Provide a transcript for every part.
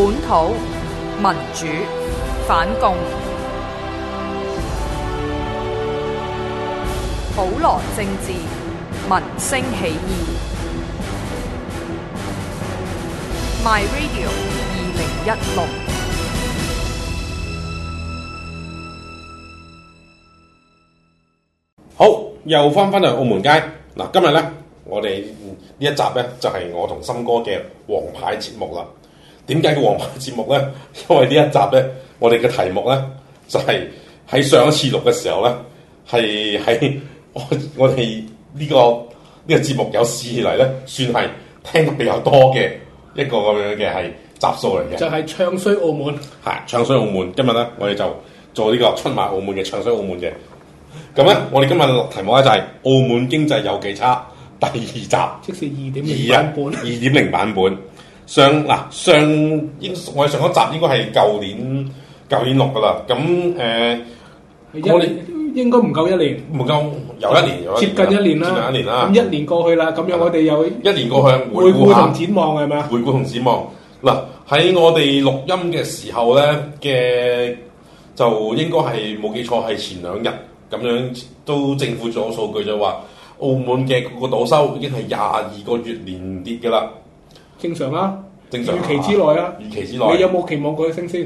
本土民主反共，普羅政治，民生起義。My Radio 二零一六。好，又翻返嚟澳門街嗱，今日咧，我哋呢一集咧就係我同森哥嘅王牌節目啦。點解叫王牌節目咧？因為呢一集咧，我哋嘅題目咧就係、是、喺上一次錄嘅時候咧，係喺我我哋呢個呢、這個節目有史以嚟，咧，算係聽得比較多嘅一個咁樣嘅係集數嚟嘅。就係唱衰澳門。係唱衰澳門。今日咧，我哋就做呢個出賣澳門嘅唱衰澳門嘅。咁咧， 我哋今日嘅題目咧就係、是、澳門經濟有幾差第二集，即是二點零版本，二點零版本。上嗱上依我哋上一集應該係舊年舊年錄㗎啦，咁誒，呃、年我哋應該唔夠一年，唔夠有一年，一年接近一年啦，接近一年啦。咁一年過去啦，咁樣我哋又一年過去，回顧同展望係咪？回顧同展望嗱，喺嗎、啊、我哋錄音嘅時候咧嘅，就應該係冇記錯係前兩日咁樣都政府做咗數據，就話澳門嘅個賭收已經係廿二個月連跌㗎啦。正常啦、啊，正常啊、預期之內啊！預期之內、啊，你有冇期望佢升先？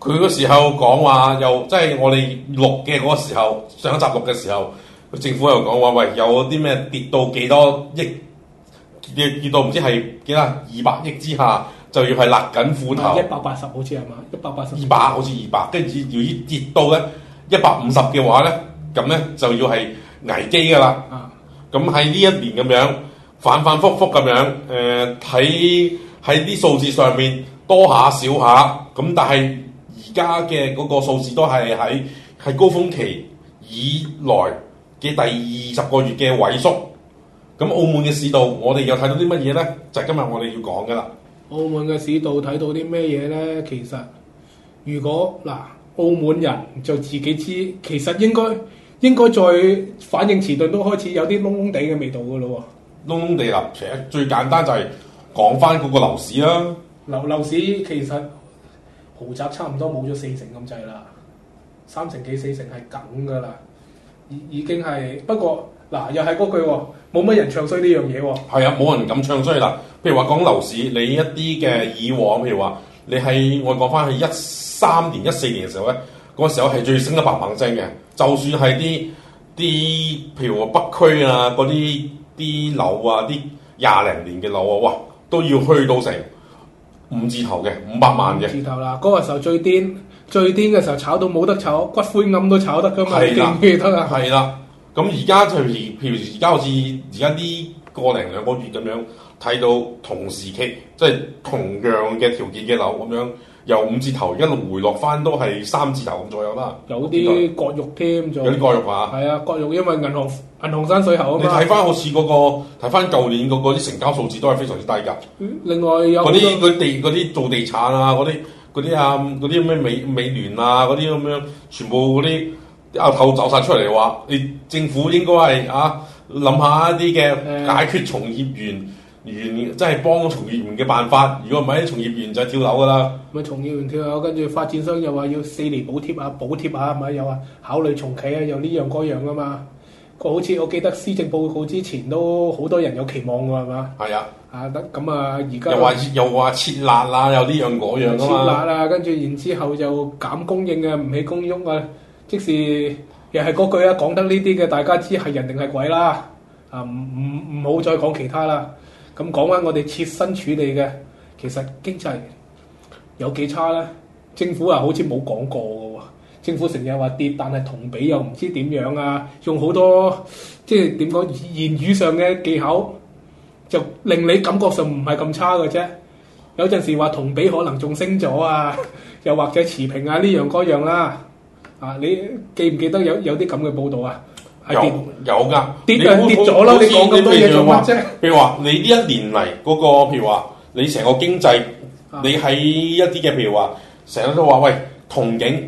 佢嗰時候講話，又即係我哋錄嘅嗰個時候，上一集錄嘅時候，政府又講話，喂，有啲咩跌到幾多億？跌跌到唔知係幾多二百億之下，就要係勒緊褲頭。一百八十好似係嘛？一百八十。二百好似二百，跟住如跌到咧一百五十嘅話咧，咁咧就要係危機㗎啦。啊！咁喺呢一年咁樣。反反覆覆咁樣，誒睇喺啲數字上面多下少下，咁但係而家嘅嗰個數字都係喺喺高峰期以來嘅第二十個月嘅萎縮。咁澳門嘅市道，我哋又睇到啲乜嘢咧？就係、是、今日我哋要講嘅啦。澳門嘅市道睇到啲咩嘢咧？其實如果嗱、呃，澳門人就自己知，其實應該應該再反應遲鈍，都開始有啲窿窿地嘅味道嘅咯喎。窿窿地立，其實最簡單就係講翻嗰個樓市啦、啊。樓樓市其實豪宅差唔多冇咗四成咁滯啦，三成幾四成係咁噶啦，已已經係不過嗱、啊、又係嗰句喎，冇、哦、乜人唱衰呢樣嘢喎。係啊，冇人敢唱衰嗱。譬如話講樓市，你一啲嘅以往譬如話，你喺我講翻喺一三年一四年嘅時候咧，嗰時候係最升得白猛聲嘅，就算係啲啲譬如話北區啊嗰啲。啲樓啊，啲廿零年嘅樓啊，哇，都要去到成五字頭嘅，五百萬嘅五字頭啦！嗰、嗰個時候最癲，最癲嘅時候炒到冇得炒，骨灰龕都炒得㗎嘛，記唔記得啊？係啦， 咁而家就係、譬如而家好似而家呢個零兩個月咁樣，睇到同時期即係、就係、同樣嘅條件嘅樓咁樣。由五字頭一路回落翻都係三字頭咁左右啦，有啲割肉添，有啲割肉啊。係啊，割肉，因為銀行銀行山水喉啊嘛。你睇翻好似嗰個，睇翻舊年嗰啲成交數字都係非常之低㗎。嗯。另外有啲佢哋，嗰啲做地產啊，嗰啲嗰啲啊嗰啲咩美美聯啊嗰啲咁樣，全部嗰啲阿頭走晒出嚟話，你政府應該係啊諗下一啲嘅解決從業員。嗯。原真係幫從業員嘅辦法，如果唔係啲從業員就跳樓噶啦。咪從業員跳樓，跟住發展商又話要四年補貼啊，補貼啊，咪又話考慮重啟啊，又呢樣嗰樣噶嘛。個好似我記得施政報告之前都好多人有期望㗎，係嘛？係啊，啊得咁啊，而家又話又話撤辣啊，又呢樣嗰樣撤辣啊，跟住然之後又減供應啊，唔起公屋啊，即使又係嗰句啊，講得呢啲嘅，大家知係人定係鬼啦。啊，唔唔唔好再講其他啦。咁講翻我哋切身處理嘅，其實經濟有幾差咧？政府啊，好似冇講過嘅喎。政府成日話跌，但係同比又唔知點樣啊，用好多即係點講言語上嘅技巧，就令你感覺上唔係咁差嘅啫。有陣時話同比可能仲升咗啊，又或者持平啊，呢樣嗰樣啦。嗯、啊，你記唔記得有有啲咁嘅報導啊？有有噶跌啊了跌咗了啦！你講咁多嘢做乜啫？譬如話，你呢一年嚟嗰個，譬如話，你成個經濟，你喺一啲嘅譬如話，成日都話喂，同景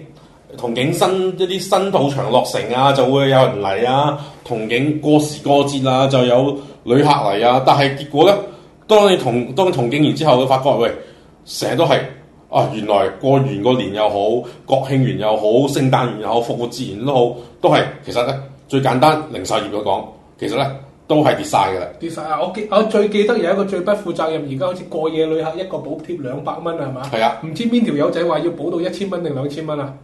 同景新一啲新土場落成啊，就會有人嚟啊，同景過時過節啊，就有旅客嚟啊。但係結果咧，當你同當同景完之後，佢發覺喂，成日都係啊，原來過完個年又好，國慶完又好，聖誕完又好，復活節然都好，都係其實咧。最簡單，零售業嘅講，其實咧都係跌晒㗎啦。跌晒啊！我記我最記得有一個最不負責任，而家好似過夜旅客一個補貼兩百蚊係嘛？係啊。唔知邊條友仔話要補到一千蚊定兩千蚊啊？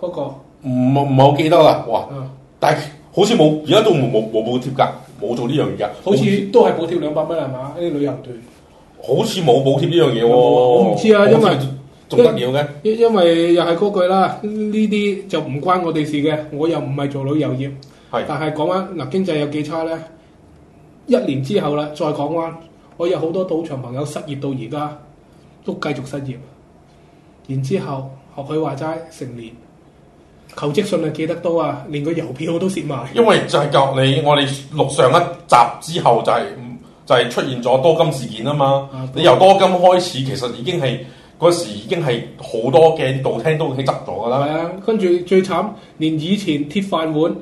嗰個唔唔，我記得啦。哇！嗯，但係好似冇，而家都冇冇補貼㗎，冇做呢樣嘢。好似都係補貼兩百蚊係嘛？呢啲旅遊團好似冇補貼呢樣嘢喎。我唔知啊，因為仲得意嘅。因為，因為，因為又係嗰句啦，呢啲就唔關我哋事嘅，我又唔係做旅遊業。但係講翻嗱、啊、經濟有幾差咧？一年之後啦，再講翻，我有好多賭場朋友失業到而家，都繼續失業。然之後學佢話齋成年求職信記得多啊，連個郵票都蝕埋。因為就係隔你，我哋錄上一集之後、就是，就係就係出現咗多金事件啊嘛。啊，你由多金開始，其實已經係嗰時已經係好多鏡道聽都已經執咗噶啦。係啊，跟住最慘，連以前鐵飯碗。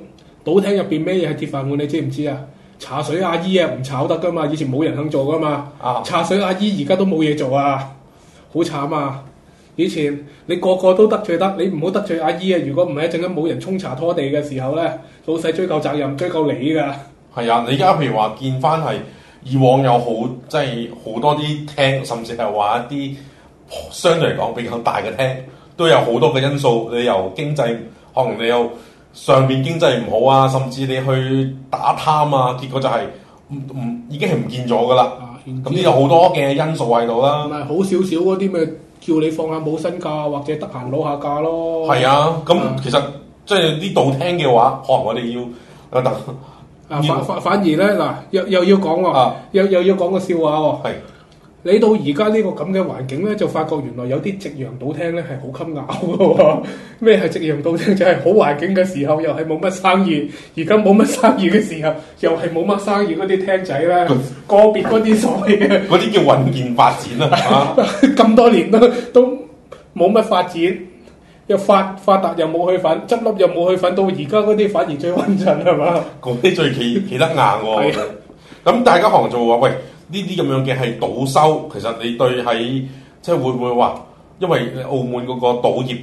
賭廳入邊咩嘢係鐵飯碗你知唔知啊？茶水阿姨啊，唔炒得㗎嘛，以前冇人肯做㗎嘛。啊！茶水阿姨而家都冇嘢做啊，好慘啊！以前你個個都得罪得，你唔好得罪阿姨啊！如果唔係一陣間冇人沖茶拖地嘅時候咧，老細追究責任追究你㗎。係啊，你而家譬如話見返係以往有好即係好多啲廳，甚至係話一啲相對嚟講比較大嘅廳，都有好多嘅因素。你由經濟可能你有。嗯上面經濟唔好啊，甚至你去打貪啊，結果就係唔唔已經係唔見咗噶啦。咁呢、啊、有好多嘅因素喺度啦。唔係嗱，好少少嗰啲咪叫你放下冇薪假，或者得閒攞下假咯。係啊，咁、嗯、其實即係呢度聽嘅話，可能我哋要等等啊反反反而咧嗱，又又要講喎，啊、又又要講個笑話喎。係。你到而家呢個咁嘅環境咧，就發覺原來有啲夕陽賭廳咧係好襟咬嘅喎。咩係夕陽賭廳？就係、是、好環境嘅時候又係冇乜生意，而家冇乜生意嘅時候又係冇乜生意嗰啲廳仔咧，它個別嗰啲所謂嘅嗰啲叫穩健發展啦。咁 吧多年都都冇乜發展，又發發達又冇去粉，執笠又冇去粉，到而家嗰啲反而最穩陣係嘛？嗰啲最企企得硬喎、啊。咁 大家行做話喂。呢啲咁樣嘅係賭收，其實你對喺即係會唔會話，因為澳門嗰個賭業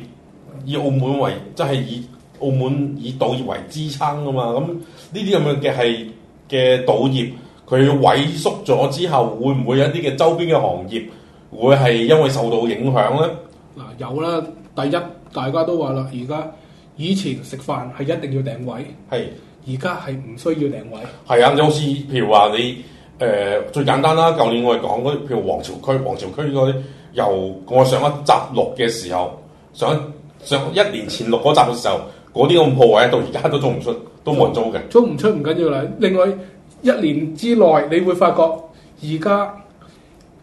以澳門為即係以澳門以賭業為支撐噶嘛，咁呢啲咁樣嘅係嘅賭業，佢萎縮咗之後，會唔會有一啲嘅周邊嘅行業會係因為受到影響咧？嗱，有啦，第一大家都話啦，而家以前食飯係一定要訂位，係而家係唔需要訂位，係啊，就好似譬如話你。誒、呃、最簡單啦，舊年我哋講嗰啲，譬如皇朝區、皇朝區嗰啲，由我上一集落嘅時候，上一上一年前落嗰集嘅時候，嗰啲咁鋪位到而家都租唔出，都冇人租嘅。租唔出唔緊要啦，另外一年之內，你會發覺而家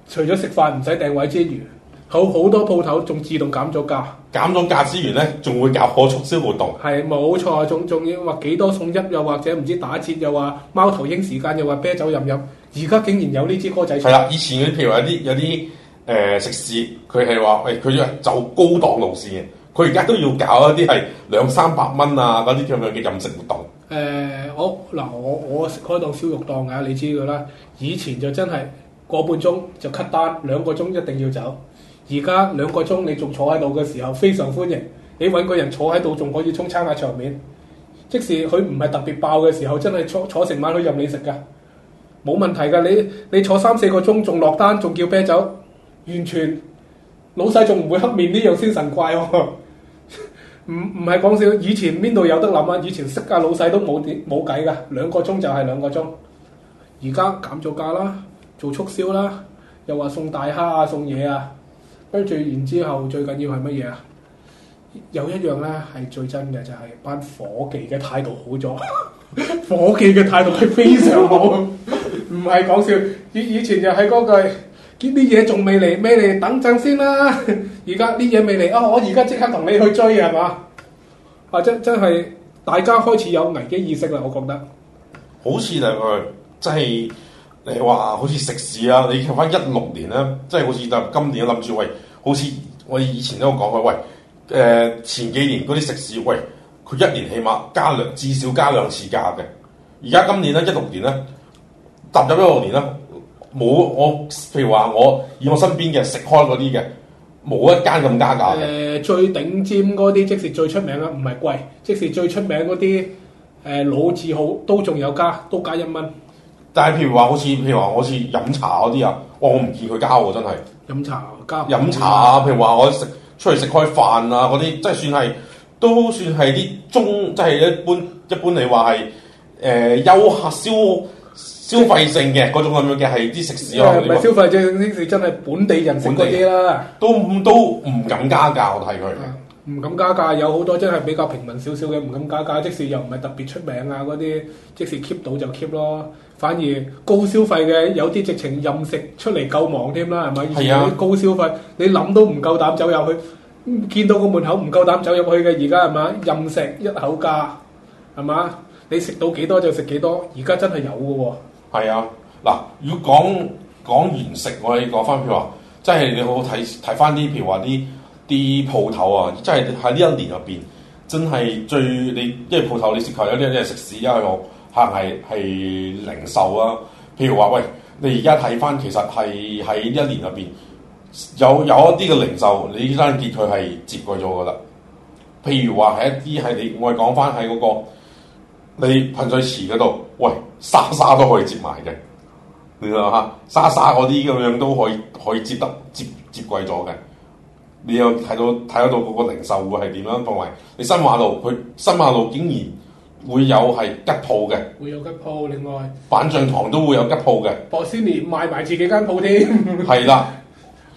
除咗食飯唔使訂位之餘，好好多鋪頭仲自動減咗價。減咗價之餘咧，仲會搞破促銷活動。係冇錯，仲仲要話幾多送一，又或者唔知打折，又話貓頭鷹時間，又話啤酒飲飲。而家竟然有呢支歌仔出？係啦、嗯，以前嗰啲譬如話有啲有啲誒、呃、食肆，佢係話喂佢要走高檔路線嘅，佢而家都要搞一啲係兩三百蚊啊嗰啲咁樣嘅飲食活動。誒、呃哦呃、我嗱我我食開檔燒肉檔噶、啊，你知噶啦，以前就真係個半鐘就 cut 單，兩個鐘一定要走。而家兩個鐘你仲坐喺度嘅時候非常歡迎，你揾個人坐喺度仲可以充餐下場面。即使佢唔係特別爆嘅時候，真係坐坐成晚去任你食噶。冇問題㗎，你你坐三四個鐘，仲落單，仲叫啤酒，完全老細仲唔會黑面呢樣先神怪喎、啊！唔唔係講笑，以前邊度有得諗啊？以前識㗎老細都冇冇計㗎，兩個鐘就係兩個鐘。而家減咗價啦，做促銷啦，又話送大蝦送啊，送嘢啊，跟住然之後最緊要係乜嘢啊？有一樣咧，係最真嘅就係、是、班伙計嘅態度好咗， 伙計嘅態度係非常好。 唔係講笑，以以前就係嗰句，啲啲嘢仲未嚟咩嚟，等陣先啦。而家啲嘢未嚟，哦，我而家即刻同你去追係嘛？啊，真真係大家開始有危機意識啦，我覺得。好似就係真係你話，好似食肆啊，你睇翻一六年咧，即係好似就今年諗住喂，好似我以前都講開喂，誒，呃，前幾年嗰啲食肆，喂，佢一年起碼加兩至少加兩次價嘅。而家今年咧，一六年咧。踏咗一六年啦？冇我，譬如話我以我身邊嘅食開嗰啲嘅，冇一間咁加價。誒，最頂尖嗰啲即是最出名啦，唔係貴，即是最出名嗰啲誒老字號都仲有加，都加一蚊。但係譬如話好似譬如話好似飲茶嗰啲啊，哇！我唔見佢加喎，真係飲茶加飲茶啊！譬如話、哦、我食出嚟食開飯啊嗰啲，即係算係都算係啲中，即係一般一般嚟話係誒休客消消費性嘅嗰種咁樣嘅係啲食肆，唔係消費者，即使真係本地人食嗰啲啦，都都唔敢加價，我睇佢唔敢加價。有好多真係比較平民少少嘅唔敢加價，即使又唔係特別出名啊嗰啲，即使 keep 到就 keep 咯。反而高消費嘅有啲直情任食出嚟夠忙添啦，係咪？啊、以前啲高消費你諗都唔夠膽走入去，見到個門口唔夠膽走入去嘅，而家係咪？任食一口價係嘛？你食到幾多就食幾多，而家真係有嘅喎。係啊，嗱，如果講講完食，我哋講翻譬如話，即係你好好睇睇翻啲譬如話啲啲鋪頭啊，即係喺呢一年入邊，真係最你即係鋪頭，你涉及有啲啲係食肆，因為我行係係零售啊。譬如話，喂，你而家睇翻，其實係喺呢一年入邊有有一啲嘅零售，你啲生意佢係接貴咗噶啦。譬如話係一啲係你，我係講翻喺嗰個。你噴水池嗰度，喂，沙沙都可以接埋嘅，你睇下嚇，沙沙嗰啲咁樣都可以可以接得接接軌咗嘅。你有睇到睇得到個個零售會係點樣範圍？你新馬路佢新馬路竟然會有係吉鋪嘅，會有吉鋪。另外，板樟堂都會有吉鋪嘅，博斯尼賣埋自己間鋪添。係 啦，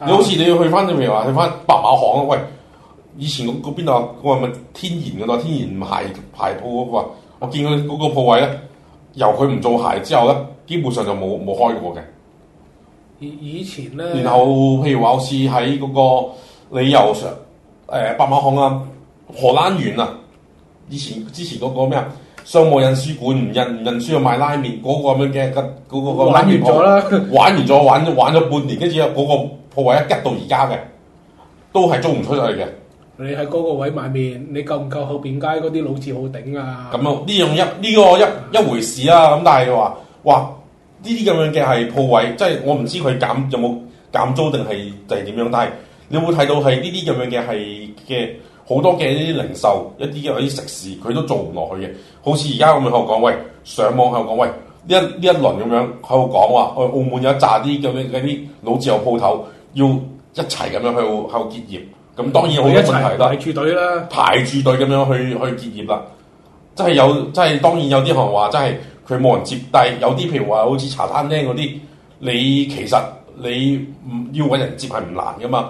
你好似你要去翻你咪話去翻白馬行啊，喂，以前嗰嗰邊啊，我係咪天然嘅咯？天然排排鋪嗰個。我見佢嗰個鋪位咧，由佢唔做鞋之後咧，基本上就冇冇開過嘅。以以前咧，然後譬如話，好似喺嗰個旅遊上，誒、呃、白馬巷啊、荷蘭園啊，以前之前嗰個咩啊，商務印書館印印書啊賣拉麵嗰、那個咁嘅吉，嗰、那個、那個玩完咗啦、那個，玩完咗玩玩咗半年，跟住嗰個鋪位一吉到而家嘅，都係租唔出去嘅。你喺嗰個位賣麵，你夠唔夠後邊街嗰啲老字號頂啊？咁啊，呢樣，樣一呢個一一回事啊！咁但係話，哇！呢啲咁樣嘅係鋪位，即係我唔知佢減有冇減租定係定係點樣。但係你會睇到係呢啲咁樣嘅係嘅好多嘅一啲零售，一啲嘅嗰啲食肆，佢都做唔落去嘅。好似而家咁樣喺度講喂，上網喺度講喂，呢一呢一輪咁樣，喺度講話去澳門有一紮啲咁樣嗰啲老字號鋪頭要一齊咁樣去去，去結業。咁當然好問題啦，排住隊啦，排住隊咁樣去去結業啦。真係有，真係當然有啲行話，真係佢冇人接，但係有啲譬如話好似茶餐廳嗰啲，你其實你唔要揾人接係唔難㗎嘛。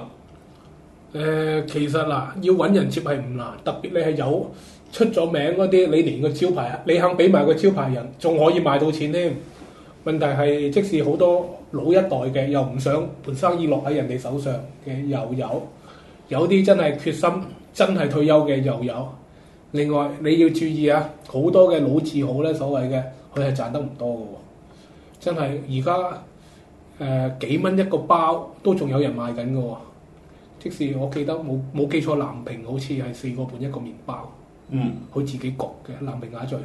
誒、呃，其實嗱，要揾人接係唔難，特別你係有出咗名嗰啲，你連個招牌，你肯俾埋個招牌人，仲可以賣到錢添。問題係，即使好多老一代嘅又唔想盤生意落喺人哋手上嘅又有。有啲真係決心真係退休嘅又有，另外你要注意啊，好多嘅老字號咧，所謂嘅佢係賺得唔多㗎喎，真係而家誒幾蚊一個包都仲有人賣緊㗎喎，即使我記得冇冇記錯南屏好似係四個半一個麵包，嗯，佢自己焗嘅南屏雅敘。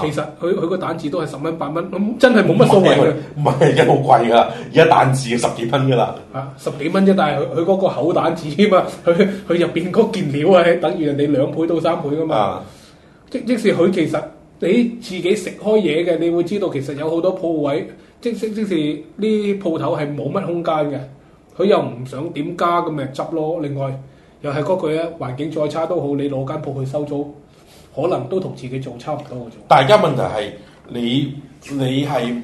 其實佢佢個蛋治都係十蚊八蚊，咁、嗯、真係冇乜所謂嘅。唔係而家好貴噶，而家蛋治十幾蚊噶啦。嚇、啊，十幾蚊啫，但係佢佢嗰個厚蛋治，啊嘛，佢佢入邊嗰件料啊，等於人哋兩倍到三倍噶嘛。啊、即即是佢其實你自己食開嘢嘅，你會知道其實有好多鋪位，即即即是呢鋪頭係冇乜空間嘅，佢又唔想點加咁咪執咯。另外又係嗰句咧，環境再差都好，你攞間鋪去收租。可能都同自己做差唔多嘅啫。但而家問題係你你係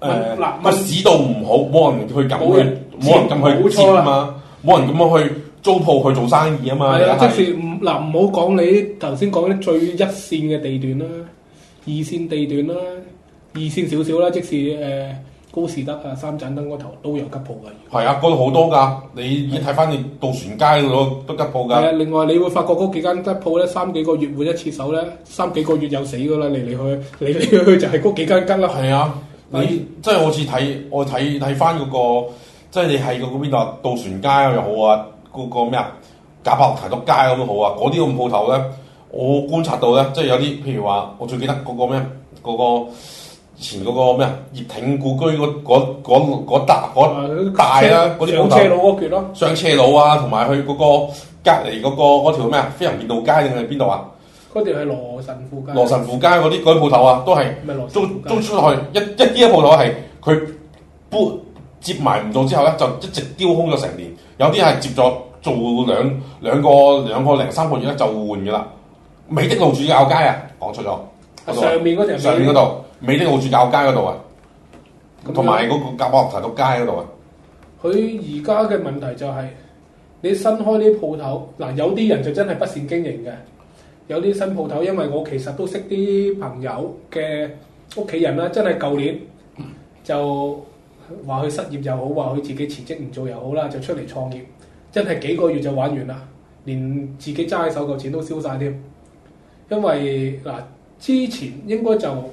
誒，個市道唔好，冇人去揀去，冇人揀去，冇錯嘛，冇人咁樣去租鋪去做生意啊嘛。係啊，是即是嗱，唔好講你頭先講啲最一線嘅地段啦，二線地段啦，二線少少啦，即使。誒、呃。高士德啊，三盞燈嗰頭都有吉鋪嘅，係啊、嗯，嗰度好多噶。你你睇翻你渡船街嗰度都吉鋪嘅。係啊，另外你會發覺嗰幾間吉鋪咧，三幾個月換一次手咧，三幾個月又死噶啦，嚟嚟去來來去嚟嚟去去就係、是、嗰幾間吉啦。係啊，是你即係好似睇我睇睇翻嗰個，即係你喺個嗰邊度渡船街又好啊，嗰、那個咩啊，假炮河提督街咁好啊，嗰啲咁鋪頭咧，我觀察到咧，即係有啲譬如話，我最記得嗰個咩嗰個。那個那個那個前嗰個咩啊？葉挺故居嗰嗰嗰嗰笪嗰大啦，嗰啲老車佬嗰橛咯，上車佬啊，同埋去嗰個隔離嗰個條咩啊？飛行變道街定去邊度啊？嗰條係羅神附街。羅神附街嗰啲嗰啲鋪頭啊，都係、啊、租租出去，一一啲一鋪頭係佢搬接埋唔到之後咧，就一直丟空咗成年。有啲係接咗做兩個兩個兩個零三個月咧，就換㗎啦。美的路主教街啊，講出咗。上面嗰條上面嗰度上面。美的路主教街嗰度啊，同埋嗰個賈伯樂提督街嗰度啊。佢而家嘅問題就係，你新開啲鋪頭，嗱，有啲人就真係不善經營嘅，有啲新鋪頭，因為我其實都識啲朋友嘅屋企人啦，真係舊年就話佢失業又好，話佢自己辭職唔做又好啦，就出嚟創業，真係幾個月就玩完啦，連自己揸手嘅錢都燒晒添。因為嗱之前應該就～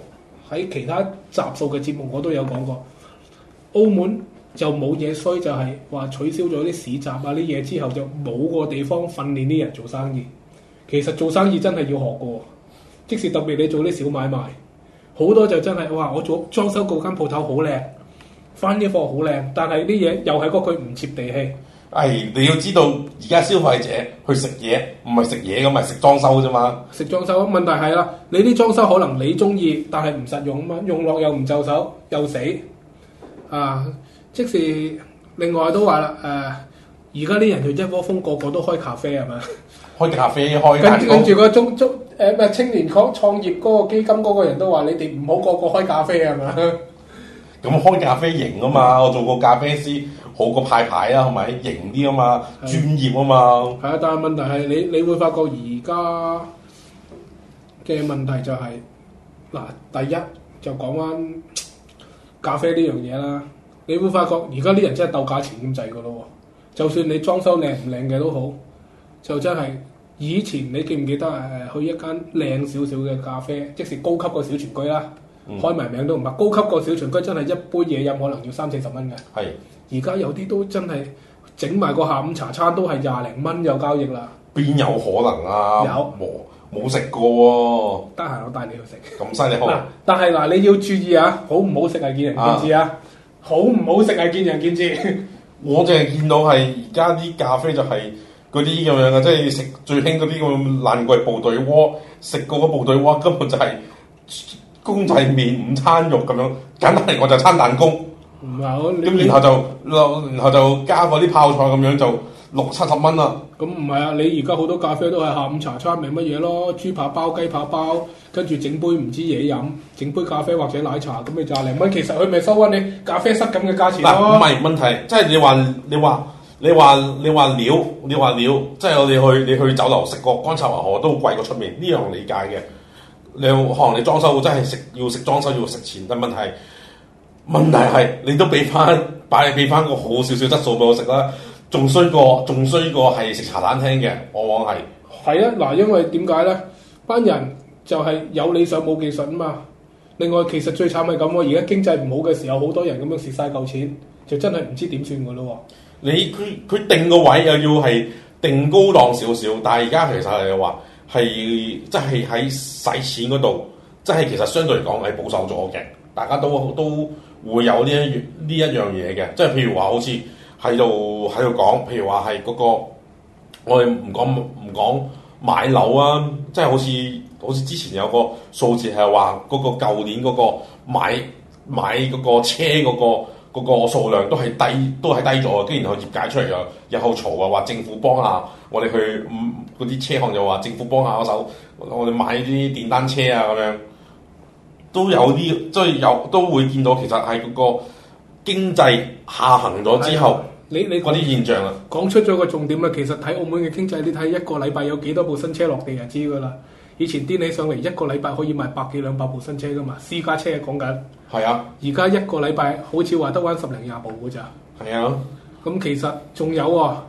喺其他集數嘅節目，我都有講過。澳門就冇嘢衰，就係話取消咗啲市集啊啲嘢之後，就冇個地方訓練啲人做生意。其實做生意真係要學過，即使特別你做啲小買賣，好多就真係哇！我做裝修嗰間鋪頭好靚，翻啲貨好靚，但係啲嘢又係嗰句唔接地氣。係、哎，你要知道而家消費者去食嘢，唔係食嘢咁，係食裝修啫嘛。食裝修啊，問題係啦，你啲裝修可能你中意，但係唔實用啊嘛，用落又唔就手，又死啊！即是另外都話啦，誒、啊，而家啲人就一窩蜂，個個都開咖啡係嘛？開咖啡，開跟跟住個中中誒唔、呃、青年創創業嗰個基金嗰個人都話：你哋唔好個個開咖啡係嘛？咁、嗯、開咖啡型啊嘛，我做過咖啡師。好過派牌啊，同埋型啲啊嘛，啊，專業啊嘛。係啊，但係問題係你，你會發覺而家嘅問題就係、是、嗱，第一就講翻咖啡呢樣嘢啦。你會發覺而家啲人真係鬥價錢咁滯噶咯。就算你裝修靚唔靚嘅都好，就真係以前你記唔記得係去一間靚少少嘅咖啡，即使高級個小全居啦，嗯、開埋名都唔係。高級個小全居真係一杯嘢飲可能要三四十蚊嘅。係、啊。而家有啲都真係整埋個下午茶餐都係廿零蚊有交易啦，邊有可能啊？有冇冇食過喎？得閒我帶你去食。咁犀利！好！但係嗱，你要注意啊，好唔好食係見仁見智啊，啊好唔好食係見仁見智。嗯、我淨係見到係而家啲咖啡就係嗰啲咁樣嘅，即係食最興嗰啲咁爛貴部隊鍋，食過嗰部隊鍋根本就係公仔麪午餐肉咁樣，梗係我就餐蛋公。唔係咁，然後就然後就加個啲泡菜咁樣就六七十蚊啦。咁唔係啊，你而家好多咖啡都係下午茶餐咪乜嘢咯？豬扒包、雞扒包，跟住整杯唔知嘢飲，整杯咖啡或者奶茶咁咪廿零蚊。其實佢咪收返你咖啡室咁嘅價錢咯，啊。唔係問題，即係你話你話你話你話料，你話料，即係我哋去你去酒樓食個乾炒雲河都貴過出面，呢樣理解嘅。行你可能你裝修真係食要食裝修要食錢，但問題。問題係你都俾翻擺你俾翻個好少少質素俾我食啦，仲衰過仲衰過係食茶蛋廳嘅，往往係係啊嗱，因為點解咧？班人就係有理想冇技術啊嘛。另外，其實最慘係咁喎，而家經濟唔好嘅時候，好多人咁樣蝕晒嚿錢，就真係唔知點算噶咯喎。你佢佢定個位又要係定高檔少少，但係而家其實係話係即係喺使錢嗰度，即係其實相對嚟講係保守咗嘅。大家都都會有呢一呢一樣嘢嘅，即係譬如話，好似喺度喺度講，譬如話係嗰個，我哋唔講唔講買樓啊，即係好似好似之前有個數字係話嗰個舊年嗰個買買嗰個車嗰個嗰個數量都係低都係低咗，啊。跟然後業界出嚟又又喺度嘈啊，話政府幫下我哋去嗰啲車行又話政府幫下手，我哋買啲電單車啊咁樣。都有啲，即係有都會見到其、啊，其實喺嗰個經濟下行咗之後，你你嗰啲現象啊，講出咗個重點啦。其實睇澳門嘅經濟，你睇一個禮拜有幾多部新車落地，就知㗎啦。以前癲起上嚟，一個禮拜可以賣百幾兩百部新車㗎嘛，私家車啊講緊。係啊，而家一個禮拜好似話得返十零廿部㗎咋。係啊，咁其實仲有喎、啊，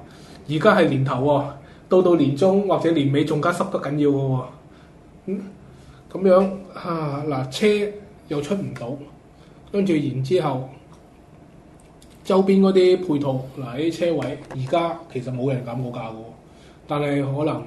而家係年頭喎、啊，到到年中或者年尾仲加濕得緊要㗎喎、啊。嗯。咁樣嚇嗱、啊、車又出唔到，跟住然之後周邊嗰啲配套嗱啲、啊、車位，而家其實冇人減過價嘅喎，但係可能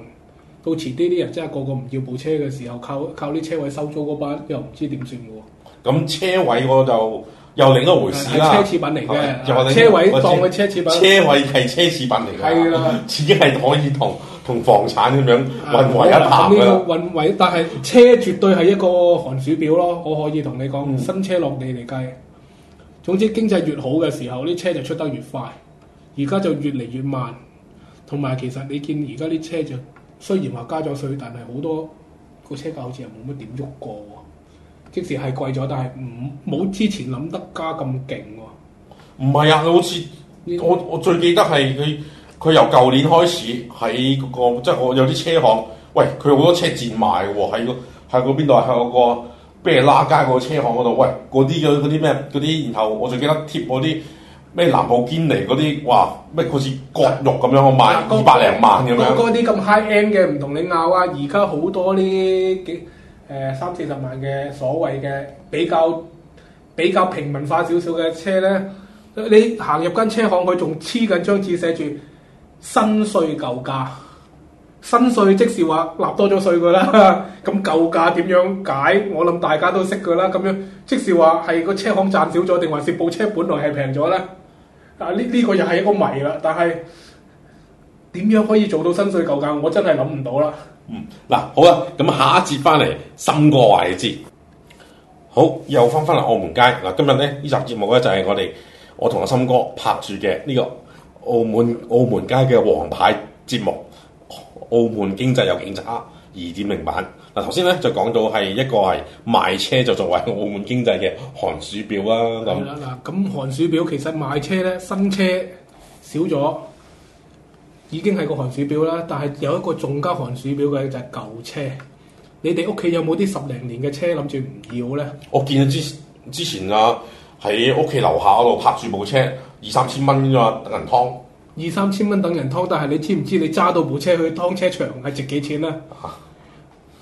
到遲啲啲人真係個個唔要部車嘅時候，靠靠啲車位收租嗰班又唔知點算喎。咁車位我就又另一回事啦。奢侈品嚟嘅，係係車位當佢奢侈品。車位係奢侈品嚟嘅。自己係可以同。 同房產咁樣、啊、運維一呢啦，個運維，但係車絕對係一個寒暑表咯。我可以同你講，嗯、新車落地嚟計，總之經濟越好嘅時候，啲車就出得越快，而家就越嚟越慢。同埋其實你見而家啲車就雖然話加咗稅，但係好多個車價好似又冇乜點喐過喎。即使係貴咗，但係唔冇之前諗得加咁勁喎。唔係啊，佢好似、嗯、我我最記得係佢。佢由舊年開始喺嗰、那個，即係我有啲車行，喂，佢好多車賤賣喎，喺、那個喺、那個邊度啊？喺、那個啤、那個、拉街個車行嗰度，喂，嗰啲嘅嗰啲咩嗰啲，然後我就記得貼嗰啲咩林寶堅尼嗰啲，哇，咩好似割肉咁樣，我賣二百零萬咁樣。嗰嗰啲咁 high end 嘅唔同你拗啊，而家好多呢，幾誒三四十萬嘅所謂嘅比較比較平民化少少嘅車咧，你行入間車行佢仲黐緊張紙寫住。新稅舊價，新稅即是話納多咗稅噶啦，咁舊價點樣解？我諗大家都識噶啦，咁樣即是話係個車行賺少咗，定還是部車本來係平咗咧？啊，呢、這、呢個又係一個謎啦。但係點樣可以做到新稅舊價？我真係諗唔到啦。嗯，嗱好啦、啊，咁下一節翻嚟森哥話你知。好又翻翻嚟澳門街嗱。今日咧呢集節目咧就係我哋我同阿森哥拍住嘅呢個。澳門澳門街嘅王牌節目，澳門經濟有幾差，二點零版嗱，頭先咧就講到係一個係賣車就作為澳門經濟嘅寒暑表啦。咁嗱咁寒暑表其實賣車咧，新車少咗，已經係個寒暑表啦。但係有一個仲加寒暑表嘅就係、是、舊車。你哋屋企有冇啲十零年嘅車諗住唔要咧？我見咗之之前啊喺屋企樓下嗰度拍住部車。二三千蚊啫等人劏。二三千蚊等人劏，但係你知唔知你揸到部車去劏車場係值幾錢咧？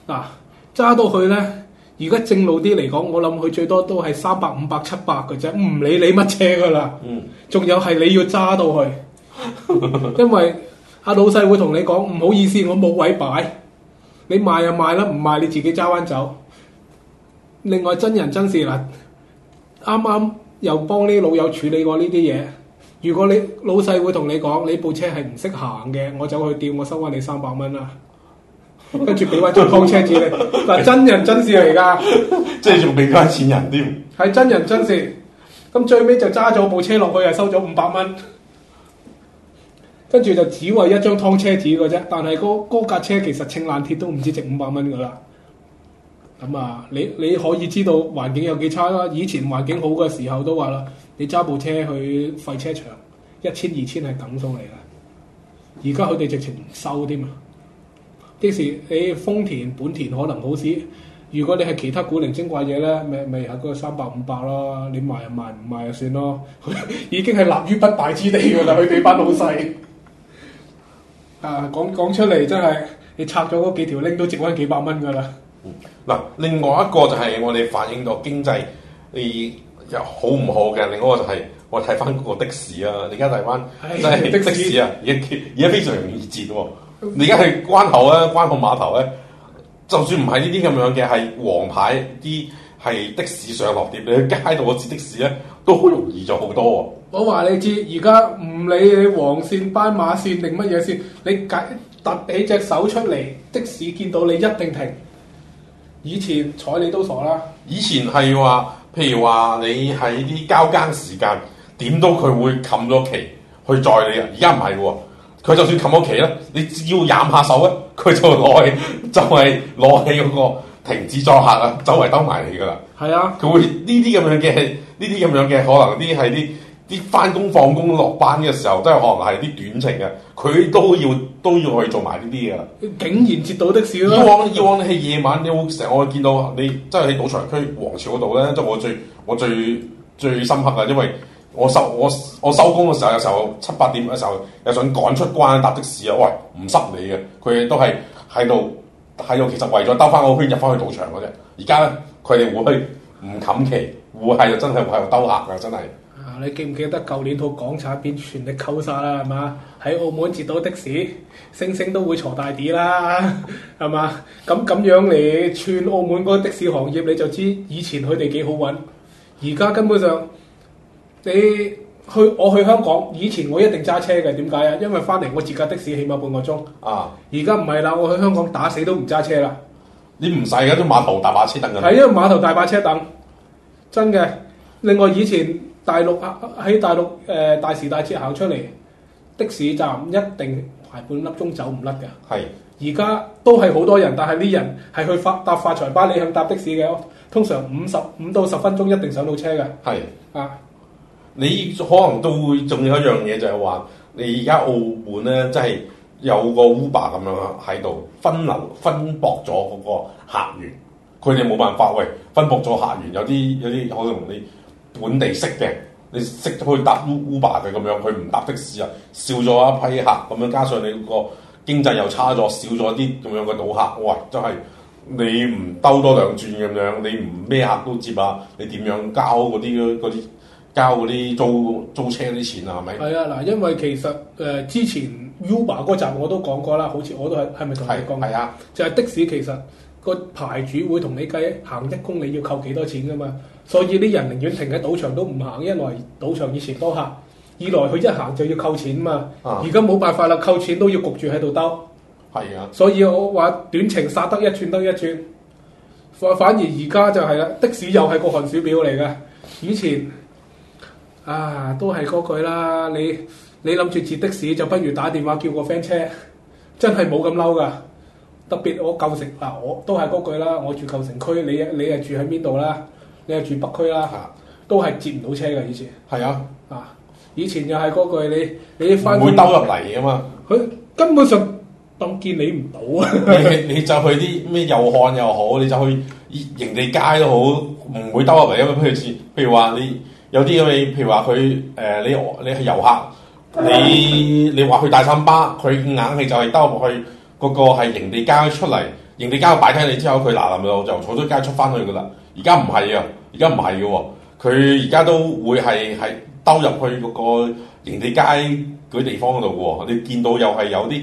嗱、啊，揸、啊、到去咧，而家正路啲嚟講，我諗佢最多都係三百五百七百噶啫，唔理你乜車噶啦。嗯。仲有係你要揸到去， 因為阿老細會同你講唔好意思，我冇位擺。你賣就賣啦，唔賣你自己揸翻走。另外真人真事啦，啱啱。又幫啲老友處理過呢啲嘢。如果你老細會同你講你部車係唔識行嘅，我走去調，我收翻你三百蚊啦。跟住俾翻張劏車紙你，嗱 真人真事嚟噶，即係仲俾翻錢人添。係真人真事，咁 最尾就揸咗部車落去，又收咗五百蚊。跟住就只為一張劏車紙嘅啫，但係嗰嗰架車其實秤爛鐵都唔知值五百蚊㗎啦。咁啊，你你可以知道環境有幾差啦、啊。以前環境好嘅時候都話啦，你揸部車去廢車場，一千二千係等鬆嚟嘅。而家佢哋直情收添啊！啲時你豐田、本田可能好啲，如果你係其他古靈精怪嘢咧，咪咪喺嗰個三百五百咯。你賣就賣，唔賣就算咯。 已經係立於不敗之地㗎啦，佢哋 班老細。啊，講講出嚟真係你拆咗嗰幾條鈴都值翻幾百蚊㗎啦。 嗱、呃，另外一個就係、是、我哋反映到經濟亦又好唔好嘅，另外一個就係我睇翻個的士啊！你而家睇翻即係的士啊，而家而家非常容易截喎、啊。你而家去關口啊，關口碼頭咧，就算唔係呢啲咁樣嘅，係黃牌啲，係的士上落碟，你去街度我截的士咧，都好容易咗好多、啊。我話你知，而家唔理你黃線、斑馬線定乜嘢線，你揀揼起隻手出嚟，的士見到你一定停。以前睬你都傻啦，以前係話，譬如話你喺啲交更時間點到佢會冚咗期去載你啊，而家唔係喎，佢就算冚咗期咧，你只要攬下手咧，佢就攞來就係攞起嗰個停止載客啊， 走為兜埋你噶啦。係啊， 佢會呢啲咁樣嘅，呢啲咁樣嘅可能啲係啲。啲翻工放工落班嘅時候，都係可能係啲短程嘅，佢都要都要去做埋呢啲嘅。竟然接到的士咯，啊！以往以往喺夜晚，你會成日我會見到你真係喺賭場區皇朝嗰度咧，即係我最我最最深刻嘅，因為我收我我收工嘅時候，有時候七八點嘅時候，又想趕出關搭的士啊，喂唔塞你嘅，佢哋都係喺度喺度，其實為咗兜翻個圈入翻去賭場嘅啫。而家咧，佢哋會唔冚旗，會係真係喺度兜客㗎，真係。你記唔記得舊年套港產片《全力扣殺》啦？係嘛？喺澳門截到的士，星星都會坐大啲啦，係嘛？咁咁樣你串澳門個的，的士行業，你就知以前佢哋幾好搵，而家根本上你去我去香港，以前我一定揸車嘅，點解啊？因為翻嚟我截架的士，起碼半個鐘。啊！而家唔係啦，我去香港打死都唔揸車啦。你唔使㗎，都碼頭大把車等嘅。係因為碼頭大把車等，真嘅。另外以前。大陸啊，喺大陸誒、呃、大時大節行出嚟，的士站一定排半粒鐘走唔甩嘅。係，而家都係好多人，但係啲人係去發搭發財巴。你去搭的士嘅，通常五十五到十分鐘一定上到車嘅是。係啊、嗯，你可能都會仲有一樣嘢就係話，你而家澳門咧，即係有個 Uber 咁樣喺度分流分薄咗嗰個客源，佢哋冇辦法，喂，分薄咗客源，有啲有啲可能你。本地識嘅，你識去搭 Uber 嘅咁樣，佢唔搭的士啊，少咗一批客咁樣，加上你個經濟又差咗，少咗啲咁樣嘅賭客，喂，真係你唔兜多兩轉咁樣，你唔咩客都接啊，你點樣交嗰啲啲交啲租租車啲錢啊？係咪？係啊，嗱，因為其實誒、呃、之前 Uber 嗰集我都講過啦，好似我都係係咪同你講？係啊，啊就係的士其實個牌主會同你計行一公里要扣幾多錢㗎嘛。所以啲人寧願停喺賭場都唔行，一來賭場以前多客，二來佢一行就要扣錢嘛。而家冇辦法啦，扣錢都要焗住喺度兜。係啊，所以我話短程殺得一寸得一寸，反而而家就係啦，的士又係個寒暑表嚟嘅。以前啊，都係嗰句啦，你你諗住截的士就不如打電話叫個 friend 車，真係冇咁嬲噶。特別我舊城嗱，我都係嗰句啦，我住舊城區，你你係住喺邊度啦？你係住北區啦，都係接唔到車嘅，以前。係啊，啊以前又係嗰句，你你翻唔會兜入嚟㗎嘛。佢根本上當見你唔到啊！你就去啲咩祐漢又好，你就去營地街都好，唔會兜入嚟。因為譬如似譬如話、呃，你有啲咁嘅譬如話，佢誒你你係遊客，啊、你你話去大三巴，佢硬係就係兜落去嗰、嗰個係營地街出嚟，營地街擺低你之後就，佢嗱嗱又就坐咗街出翻去噶啦。而家唔係啊！而家唔係嘅喎，佢而家都會係係兜入去嗰個營地街嗰啲地方度喎，你見到又係有啲誒、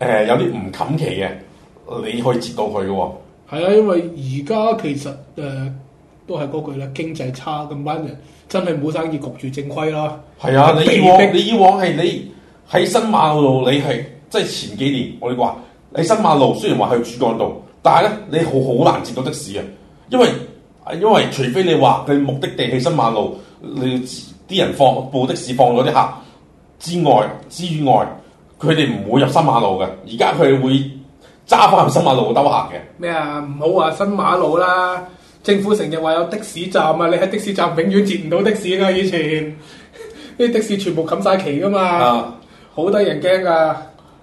呃、有啲唔冚旗嘅，你可以截到佢嘅喎。係啊，因為而家其實誒、呃、都係嗰句咧，經濟差咁樣，人真係冇生意焗住正規啦。係啊，你以往迫你以往係你喺新馬路你係即係前幾年我哋話，你新馬路雖然話係主幹道，但係咧你好好難截到的士啊，因為因為除非你話佢目的地係新馬路，你啲人放部的士放咗啲客之外，之外佢哋唔會入新馬路嘅。而家佢會揸翻入新馬路兜行嘅。咩啊？唔好話新馬路啦，政府成日話有的士站啊，你喺的士站永遠接唔到的士噶。以前啲 的士全部冚晒旗噶嘛，好得人驚㗎。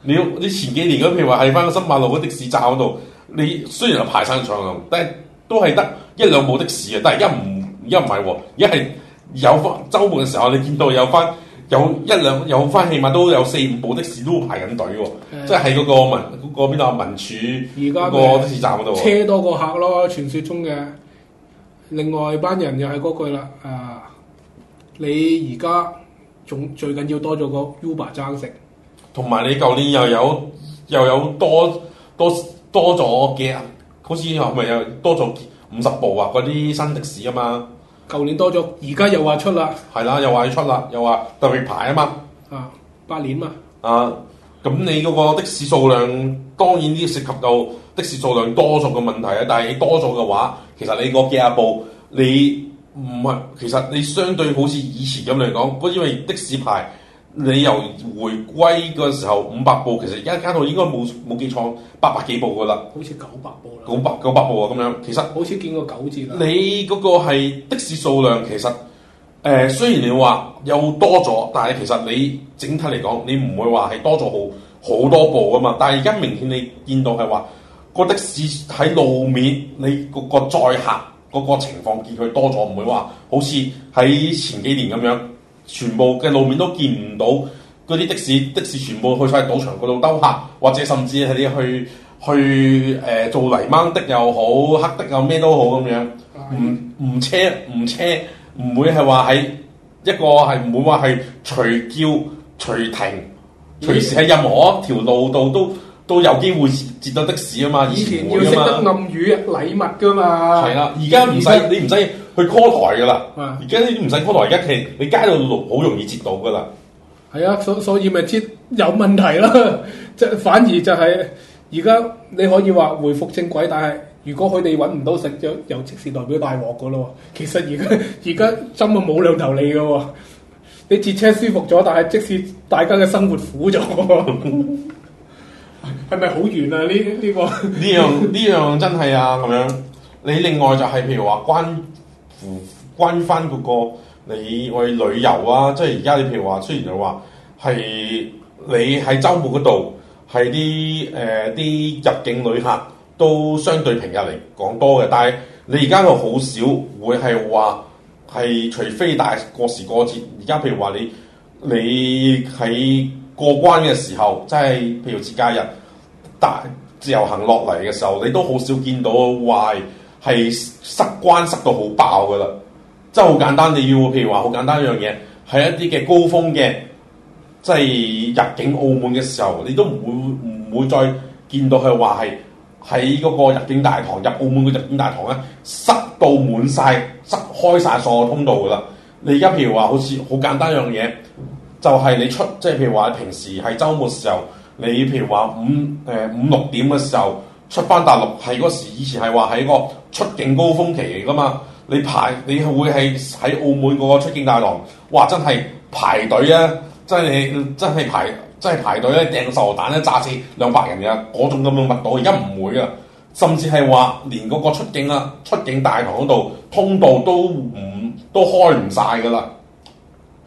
你你前幾年譬如話係翻個新馬路個的，的士站嗰度，你雖然係排山長龍，但係。都係得一兩部的士啊！但係一唔一唔係喎，一係有翻週末嘅時候，你見到有翻有一兩有翻，起碼都有四五部的士都排緊隊喎。嗯、即係喺嗰個民嗰個邊度民署個的士站度喎。車多過客咯，傳説中嘅。另外班人又係嗰句啦，啊！你而家仲最緊要多咗個 Uber 爭食，同埋你舊年又有又有,又有多多多咗嘅。好似係咪又多咗五十部啊！嗰啲新的士啊嘛，舊年多咗，而家又話出啦，係啦、啊，又話要出啦，又話特別排啊嘛，啊八年嘛，啊咁你嗰個的士數量當然呢涉及到的士數量多咗嘅問題啊，但係你多咗嘅話，其實你嗰幾廿部你唔係，其實你相對好似以前咁嚟講，不因為的士牌。你由回歸嗰時候五百部，其實而家加到應該冇冇記錯，八百幾部㗎喇。好似九百部啦。九百九百部啊，咁樣其實。好似見過九字啦。你嗰個係的士數量，其實誒、呃、雖然你話又多咗，但係其實你整體嚟講，你唔會話係多咗好好多部㗎嘛。但係而家明顯你見到係話個的士喺路面，你個個載客個個情況見佢多咗，唔會話好似喺前幾年咁樣。全部嘅路面都見唔到嗰啲的士，的士全部去晒賭場嗰度兜客，或者甚至係你去去誒、呃、做泥掹的又好，黑的又咩都好咁樣，唔唔車唔車，唔會係話係一個係唔會話係隨叫隨停，隨時喺任何一條路度都都有機會截到的士啊嘛，以前要識得暗語禮物㗎嘛，係啦，而家唔使你唔使。去 call 台噶啦，而家呢啲唔使 call 台，而家係你街度好容易接到噶啦。係啊，所所以咪截有問題咯，即係反而就係而家你可以話回復正軌，但係如果佢哋揾唔到食，就又即時代表大鑊噶咯。其實而家而家真係冇兩頭利噶，你截車舒服咗，但係即使大家嘅生活苦咗，係咪好遠啊？呢、這、呢個呢樣呢 樣，樣真係啊！咁樣你另外就係譬如話關。關於翻、那、嗰個你去旅遊啊，即係而家你譬如話，雖然就話係你喺周末嗰度係啲誒啲入境旅客都相對平日嚟講多嘅，但係你而家係好少會係話係，除非大過時過節。而家譬如話你你喺過關嘅時候，即係譬如節假日，大自由行落嚟嘅時候，你都好少見到壞。係塞關塞到好爆噶啦，真係好簡單。你要譬如話好簡單一樣嘢，喺一啲嘅高峰嘅，即係入境澳門嘅時候，你都唔會唔會再見到佢話係喺嗰個入境大堂入澳門嘅入境大堂咧塞到滿晒，塞開晒所有通道噶啦。你而家譬如話好似好簡單一樣嘢，就係你出即係譬如話平時係周末時候，你譬如話五誒五六點嘅時候出翻大陸，係嗰時以前係話喺個出境高峰期嚟噶嘛？你排你會係喺澳門個出境大堂，哇！真係排隊啊！真係真係排真係排隊啊！掟手榴彈咧炸死兩百人嘅、啊、嗰種咁嘅密度，而家唔會啊！甚至係話連嗰個出境啊出境大堂嗰度通道都唔都開唔晒噶啦。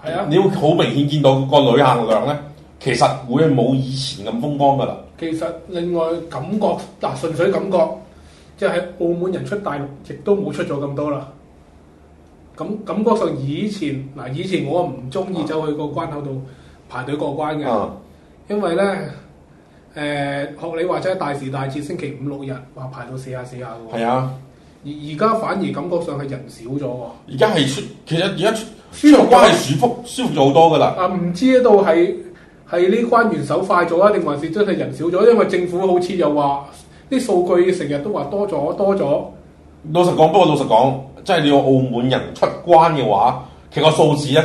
係啊，你好明顯見到個旅客量咧，其實會冇以前咁風光噶啦。其實另外感覺嗱，純粹感覺。即係澳門人出大陸，亦都冇出咗咁多啦。咁感，感覺上以前嗱，以前我唔中意走去個關口度排隊過關嘅，啊、因為咧誒，學、呃、你話齋大時大節，星期五六日話排到四下四下嘅。啊，而而家反而感覺上係人少咗喎。而家係舒，其實而家出入境係舒服，舒服咗好多㗎啦。啊，唔知道係係呢關員手快咗啊，定還是真係人少咗？因為政府好似又話。啲數據成日都話多咗多咗。老實講，不過老實講，即係你話澳門人出關嘅話，其實個數字咧，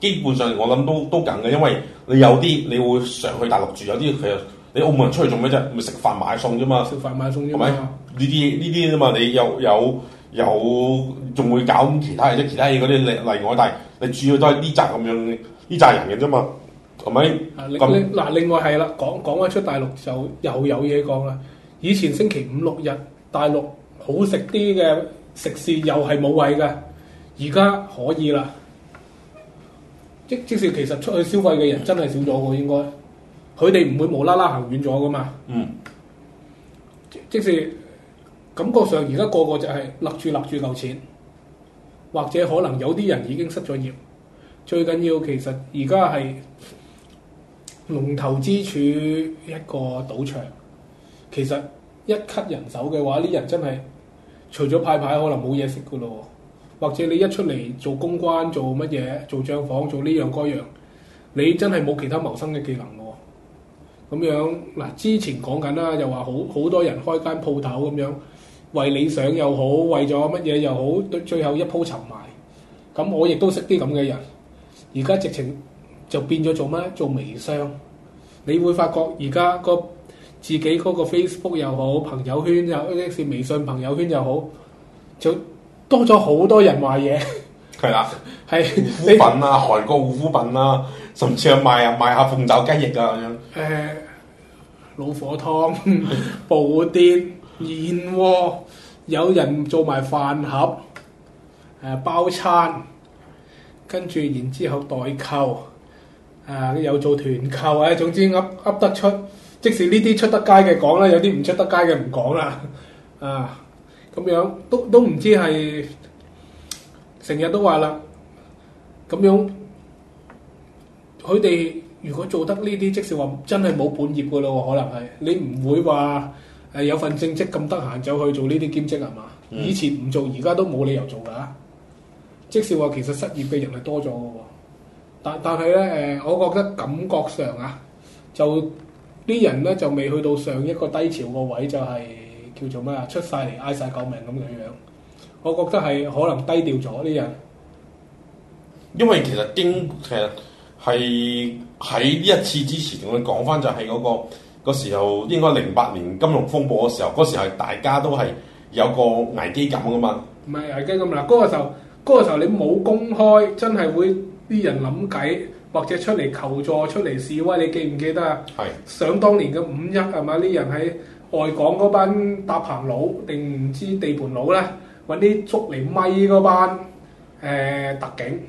基本上我諗都都緊嘅，因為你有啲你會常去大陸住，有啲其實你澳門人出去做咩啫？咪食飯買餸啫嘛。食飯買餸，係咪？呢啲呢啲啫嘛，你又有有仲會搞其他嘢啫？其他嘢嗰啲例例外，但係你主要都係呢扎咁樣呢扎人嘅啫嘛，係咪？咁嗱，另外係啦，講講返出大陸就又有嘢講啦。以前星期五六日大陸好食啲嘅食肆又係冇位㗎，而家可以啦。即即使其實出去消費嘅人真係少咗喎，應該佢哋唔會無啦啦行遠咗㗎嘛。嗯。即使感覺上而家個個就係攬住攬住嚿錢，或者可能有啲人已經失咗業。最緊要其實而家係龍頭之處一個賭場。其實一級人手嘅話，啲人真係除咗派牌，可能冇嘢食噶咯喎。或者你一出嚟做公關、做乜嘢、做帳房、做呢樣嗰樣，你真係冇其他謀生嘅技能喎。咁樣嗱，之前講緊啦，又話好好，好多人開間鋪頭咁樣，為理想又好，為咗乜嘢又好，最後一鋪沉埋。咁我亦都識啲咁嘅人，而家直情就變咗做咩？做微商，你會發覺而家個。自己嗰個 Facebook 又好，朋友圈又好，尤其是微信朋友圈又好，就多咗好多人賣嘢。係啦、啊，係護膚品啊，你韓國護膚品啊，甚至係賣啊賣下鳳爪雞翼啊咁樣。誒、哎，老火湯、 布丁、燕窩，有人做埋飯盒，誒、啊、包餐，跟住然之後代購，啊有做團購啊，總之噏噏得出。即使呢啲出得街嘅講啦，有啲唔出得街嘅唔講啦，啊咁樣都都唔知係成日都話啦，咁樣佢哋如果做得呢啲，即使話真係冇本業噶咯，可能係你唔會話誒有份正職咁得閒就去做呢啲兼職係嘛？以前唔做，而家都冇理由做噶。即使話其實失業嘅人係多咗嘅喎，但但係咧誒，我覺得感覺上啊就～啲人咧就未去到上一個低潮個位，就係、是、叫做咩啊？出晒嚟嗌晒救命咁樣樣。我覺得係可能低調咗啲人，因為其實經其實係喺呢一次之前，我講返就係嗰、那個那個時候，應該零八年金融風暴嘅時候，嗰時候大家都係有個危機感噶嘛。唔係危機感啦，嗰、那個時候嗰、那個時候你冇公開，真係會啲人諗計。或者出嚟求助、出嚟示威，你記唔記得啊？係，想當年嘅五一係嘛？啲人喺外港嗰班搭棚佬，定唔知地盤佬咧，揾啲捉嚟咪嗰班誒特警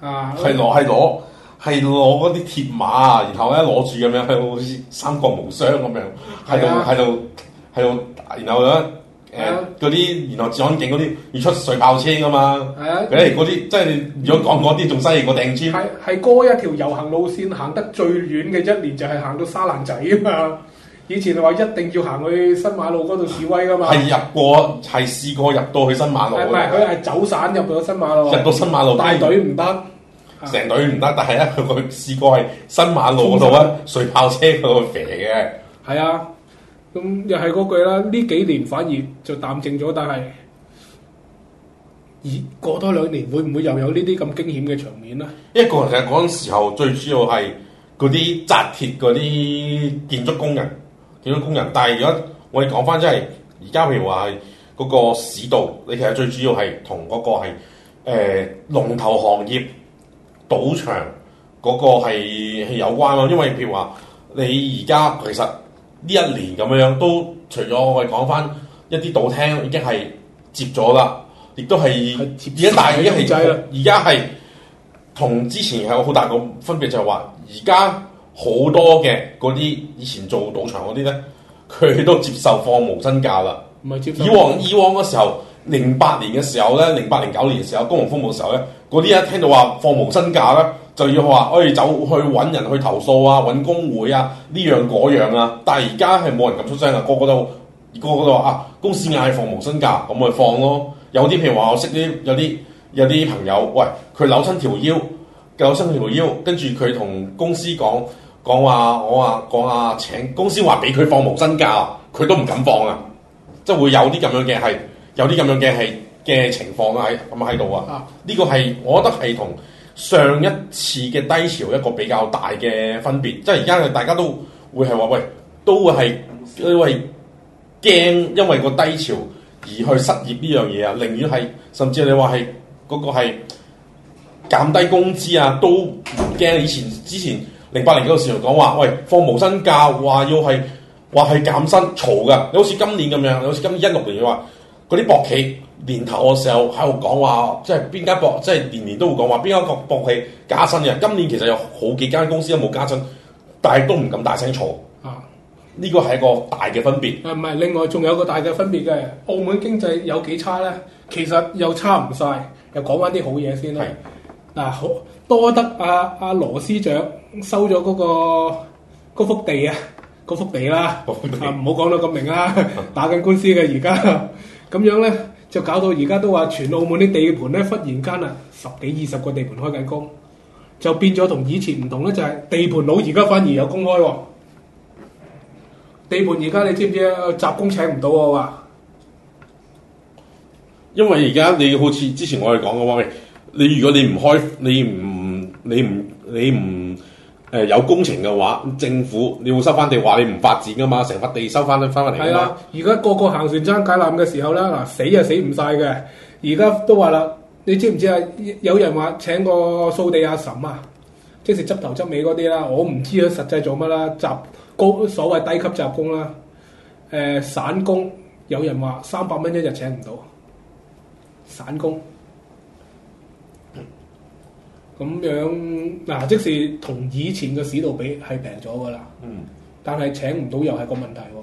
啊！係攞係攞，係攞嗰啲鐵馬，然後咧攞住咁樣，好似三國無雙咁樣，喺度喺度喺度，然後咧。係啊，嗰啲然後治安警嗰啲要出水炮車㗎嘛。係啊，誒嗰啲即係如果講嗰啲仲犀利過掟磚。係係過一條遊行路線行得最遠嘅一年就係、是、行到沙欄仔啊嘛。以前話一定要行去新馬路嗰度示威㗎嘛。係入過，係試過入到去新馬路。唔係？佢係走散入到新馬路。入到新馬路，大隊唔得，成隊唔得。但係咧，佢試過係新馬路嗰度常啊，水炮車嗰個蛇嘅。係啊。咁又係嗰句啦，呢幾年反而就淡靜咗，但係而過多兩年會唔會又有呢啲咁驚險嘅場面咧？因為個人其實嗰陣時候最主要係嗰啲紮鐵嗰啲建築工人，建築工人。但係而家我哋講翻即係而家，譬如話嗰個市道，你其實最主要係同嗰個係誒龍頭行業賭場嗰個係係有關咯。因為譬如話你而家其實。呢一年咁樣都除咗我哋講翻一啲道聽，已經係接咗啦，亦都係而家大而家係而家係同之前有好大個分別就係話，而家好多嘅嗰啲以前做賭場嗰啲咧，佢都接受放無薪假啦。唔係接受以往以往嘅時候，零八年嘅時候咧，零八零九年嘅時候，金融風暴嘅時候咧，嗰啲人聽到話放無薪假啦。就要話，誒走去揾人去投訴啊，揾工會啊，呢樣嗰樣啊。但係而家係冇人敢出聲啊，個個都個個都話啊，公司嗌放無薪假，噉咪放咯。有啲譬如話，我識啲有啲有啲朋友，喂，佢扭親條腰，扭親條腰，跟住佢同公司講講話，我話講啊，啊請，公司話俾佢放無薪假，佢都唔敢放啊。即係會有啲咁樣嘅係，有啲咁樣嘅係嘅情況喺咁喺度啊。呢個係我覺得係同。上一次嘅低潮一個比較大嘅分別，即係而家大家都會係話喂，都會係會係驚，因為個低潮而去失業呢樣嘢啊，寧願係甚至你話係嗰個係減低工資啊，都唔驚。以前之前零八年嗰個時候講話喂，放無薪假，話要係話係減薪嘈㗎，你好似今年咁樣，你好似今年一六年話。嗰啲博企年頭嘅時候喺度講話，即係邊間博，即係年年都會講話邊間博博企加薪嘅。今年其實有好幾間公司都冇加薪，但係都唔敢大聲嘈。啊，呢個係一個大嘅分別。誒唔係，另外仲有個大嘅分別嘅，澳門經濟有幾差咧？其實又差唔晒，又講翻啲好嘢先啦。嗱是，好、啊、多得阿、啊、阿、啊、羅司長收咗嗰、那個嗰幅地啊，嗰幅地啦、啊， 啊唔好講到咁明啦，打緊官司嘅而家。 咁樣呢，就搞到而家都話全澳門啲地盤呢，忽然間啊，十幾二十個地盤開緊工，就變咗同以前唔同咧，就係、是、地盤佬而家反而有工開喎。地盤而家你知唔知雜工請唔到，我話，因為而家你好似之前我哋講嘅話，你如果你唔開，你唔你唔你唔。你唔誒、呃、有工程嘅話，政府你要收翻地，話你唔發展㗎嘛，成塊地收翻翻翻嚟啦。而家、啊、個個行船爭解纜嘅時候啦，嗱、啊、死就死唔晒嘅。而家都話啦，你知唔知啊？有人話請個掃地阿嬸啊，即係執頭執尾嗰啲啦。我唔知佢實際做乜啦，雜工所謂低級雜工啦、啊。誒、呃，散工有人話三百蚊一日請唔到，散工。咁樣嗱，即使同以前嘅市道比係平咗噶啦。嗯，但係請唔到又係個問題喎。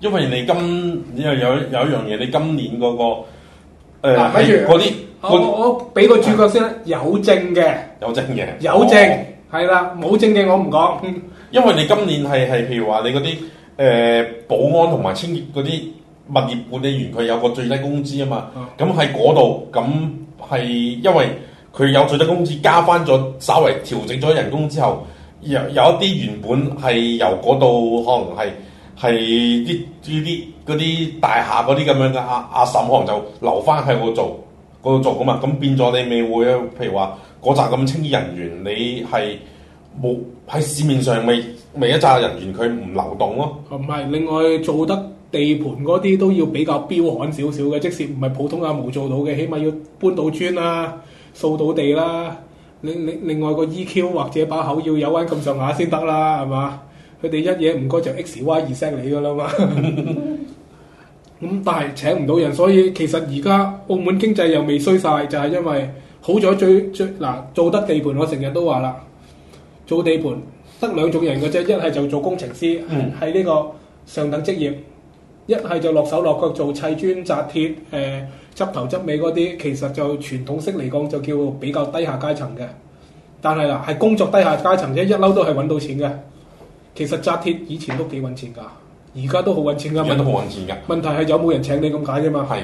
因為你今有有有一樣嘢，你今年嗰個誒嗰啲，我我俾個主角先啦，有證嘅，有證嘅，有證係啦，冇證嘅我唔講。因為你今年係係譬如話你嗰啲誒保安同埋清潔嗰啲物業管理員，佢有個最低工資啊嘛。咁喺嗰度，咁係因為。佢有最低工資加翻咗，稍微調整咗人工之後，有有一啲原本係由嗰度，可能係係啲呢啲嗰啲大廈嗰啲咁樣嘅阿阿嬸，可能就留翻喺嗰度做嗰度做噶嘛。咁變咗你咪會，譬如話嗰扎咁清潔人員，你係冇喺市面上咪咪一紮人員佢唔流動咯、啊。唔係，另外做得地盤嗰啲都要比較彪悍少少嘅，即使唔係普通阿冇做到嘅，起碼要搬到磚啦、啊。掃到地啦！另另另外個 EQ 或者把口要有彎咁上下先得啦，係嘛？佢哋一嘢唔該就 X Y 二 s 你噶啦嘛。咁但係請唔到人，所以其實而家澳門經濟又未衰晒，就係、是、因為好咗最最嗱、啊、做得地盤，我成日都話啦，做地盤得兩種人嘅啫，一係就做工程師係呢、嗯、個上等職業，一係就落手落腳做砌磚紮鐵誒。呃執頭執尾嗰啲，其實就傳統式嚟講，就叫比較低下階層嘅。但係啦，係工作低下階層，即一嬲都係揾到錢嘅。其實紮鐵以前都幾揾錢㗎，而家都好揾錢㗎。都好揾錢㗎。問題係有冇人請你咁解啫嘛？係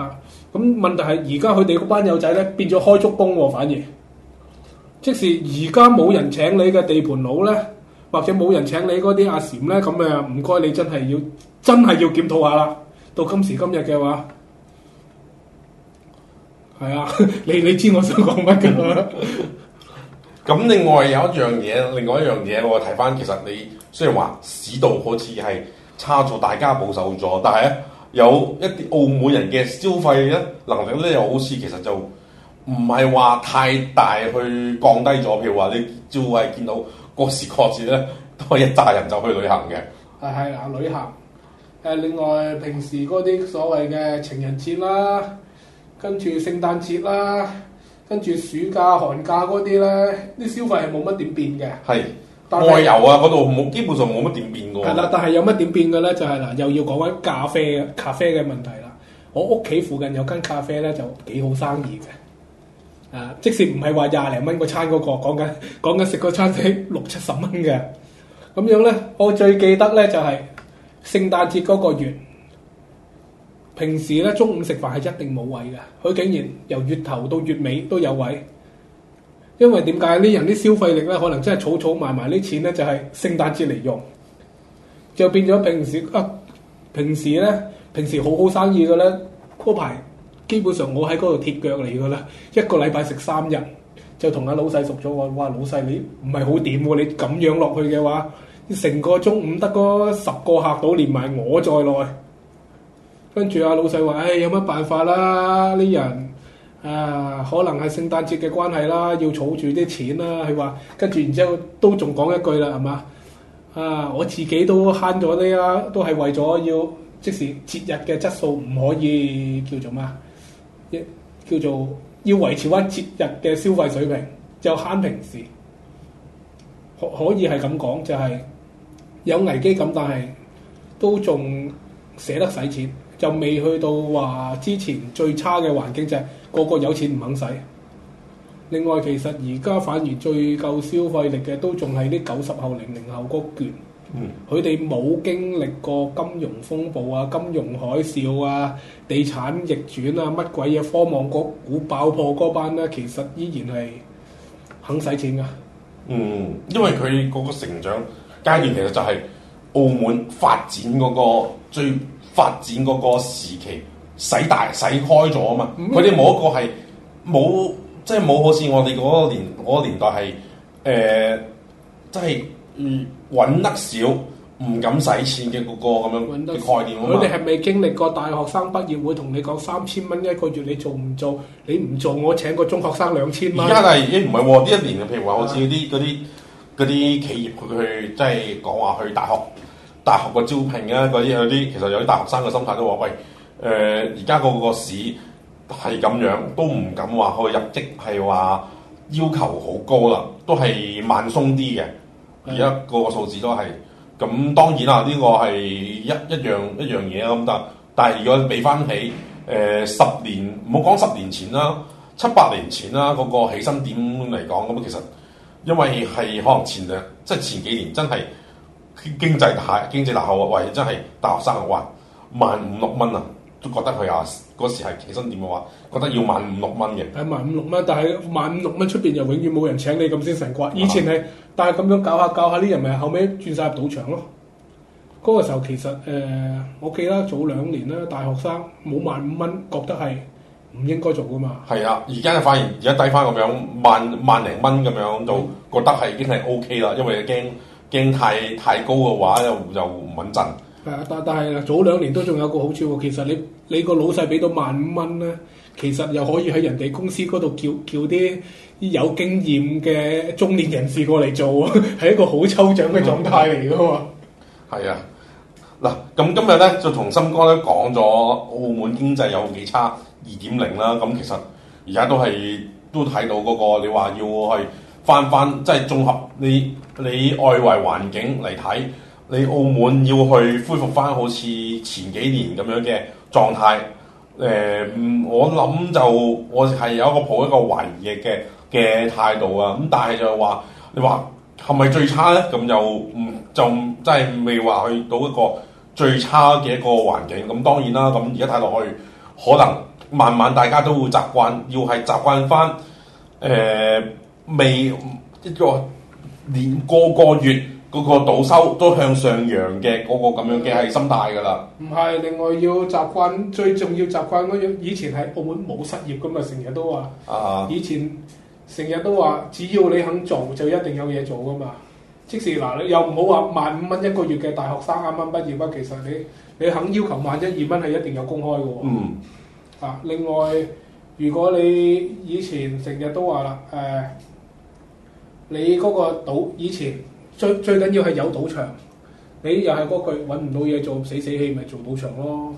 啊，咁問題係而家佢哋嗰班友仔咧變咗開足工喎，反而，即使而家冇人請你嘅地盤佬咧，或者冇人請你嗰啲阿僆咧，咁誒唔該你真係要真係要檢討下啦。到今時今日嘅話。係啊，你你知我想講乜㗎啦。咁 另外有一樣嘢，另外一樣嘢，我睇翻其實你雖然話市道好似係差咗，大家保守咗，但係咧有一啲澳門人嘅消費咧能力咧又好似其實就唔係話太大去降低咗，譬如話你就係見到個時個節咧都係一揸人就去旅行嘅。係係啊，旅行。誒，另外平時嗰啲所謂嘅情人節啦。跟住聖誕節啦，跟住暑假、寒假嗰啲咧，啲消費係冇乜點變嘅。係，但係外遊啊，嗰度冇，基本上冇乜點變嘅。係啦，但係有乜點變嘅咧？就係嗱，又要講翻咖啡嘅咖啡嘅問題啦。我屋企附近有間咖啡咧，就幾好生意嘅。啊，即使唔係話廿零蚊個餐嗰個，講緊講緊食個餐食六七十蚊嘅，咁樣咧，我最記得咧就係聖誕節嗰個月。平時咧，中午食飯係一定冇位嘅，佢竟然由月頭到月尾都有位。因為點解啲人啲消費力咧，可能真係儲儲埋埋啲錢咧，就係、是、聖誕節嚟用，就變咗平時啊！平時咧，平時好好生意嘅咧，嗰排基本上我喺嗰度鐵腳嚟㗎啦，一個禮拜食三日，就同阿老細熟咗。我話老細你唔係好點喎，你咁樣落去嘅話，成個中午得嗰十個客到，連埋我在內。跟住啊老細話，唉、哎，有乜辦法啦？呢人啊，可能係聖誕節嘅關係啦，要儲住啲錢啦。佢話：跟住然之後都仲講一句啦，係嘛？啊，我自己都慳咗啲啦，都係為咗要即時節日嘅質素唔可以叫做咩？亦叫做要維持翻節日嘅消費水平，就慳平時。可可以係咁講，就係、是、有危機感，但係都仲捨得使錢。就未去到話之前最差嘅環境就係個個有錢唔肯使。另外，其實而家反而最夠消費力嘅都仲係啲九十後、零零後嗰羣，佢哋冇經歷過金融風暴啊、金融海嘯啊、地產逆轉啊、乜鬼嘢科網股爆破嗰班咧，其實依然係肯使錢㗎。嗯，因為佢嗰個成長階段其實就係澳門發展嗰個最。發展嗰個時期使大使開咗啊嘛！佢哋冇一個係冇，即係冇好似我哋嗰個年嗰、嗰個、年代係誒，即係揾得少唔、嗯、敢使錢嘅嗰、嗰個咁樣嘅概念啊嘛！佢哋係未經歷過大學生畢業會同你講三千蚊一個月，你做唔做？你唔做，我請個中學生兩千蚊。而家係誒唔係喎？呢、欸、一年，譬如話好似啲嗰啲啲企業佢去即係講話去大學。大學嘅招聘啊，嗰啲有啲其實有啲大學生嘅心態都話：喂，誒而家嗰個市係咁樣，都唔敢話去入職係話要求好高啦，都係慢鬆啲嘅。而家個數字都係咁，嗯、當然啦，呢、這個係一一樣一樣嘢咁得。但係如果畀翻起誒十、呃、年，唔好講十年前啦，七八年前啦，嗰、那個起薪點嚟講咁其實因為係可能前兩即係前幾年真係。經濟大經濟大好喎，喂！真係大學生嘅話，萬五六蚊啊，都覺得佢啊嗰時係起薪點嘅話，覺得要萬五六蚊嘅。係萬五六蚊，但係萬五六蚊出邊又永遠冇人請你咁先成啩。Way, generally 以前係，但係咁樣搞下搞下啲人咪後尾轉晒入賭場咯。嗰個時候其實誒、呃，我記得早兩年啦，大學生冇萬五蚊，badass, 15, olds 啊、RM, 1, like, 覺得係唔應該做噶嘛。係啊，而家發現而家低翻咁樣，萬萬零蚊咁樣都覺得係已經係 OK 啦，因為驚。驚太太高嘅話，又又唔穩陣。係啊，但但係啦，早兩年都仲有個好處，其實你你個老細俾到萬五蚊咧，其實又可以喺人哋公司嗰度叫叫啲有經驗嘅中年人士過嚟做，係一個好抽獎嘅狀態嚟㗎嘛。係 啊，嗱，咁今日咧就同森哥咧講咗澳門經濟有幾差二點零啦，咁其實而家都係都睇到嗰、嗰個你話要去。翻翻即係綜合你你外圍環境嚟睇，你澳門要去恢復翻好似前幾年咁樣嘅狀態。誒、呃，我諗就我係有一個抱一個懷疑嘅嘅態度啊。咁但係就話你話係咪最差咧？咁又唔就即係、嗯、未話去到一個最差嘅一個環境。咁、嗯、當然啦。咁而家睇落去，可能慢慢大家都會習慣，要係習慣翻誒。呃未一個連個個月嗰個賭收都向上揚嘅嗰個咁樣嘅係心態㗎啦。唔係，另外要習慣最重要習慣嗰樣。以前喺澳門冇實業㗎嘛，成日都話。啊。以前成日都話，只要你肯做就一定有嘢做㗎嘛。即使嗱，你又唔好話萬五蚊一個月嘅大學生啱啱畢業啦，其實你你肯要求萬一二蚊係一定有工開㗎喎。嗯。啊，另外如果你以前成日都話啦，誒。你嗰個賭以前最最緊要係有賭場，你又係嗰句揾唔到嘢做死死氣，咪做賭場咯，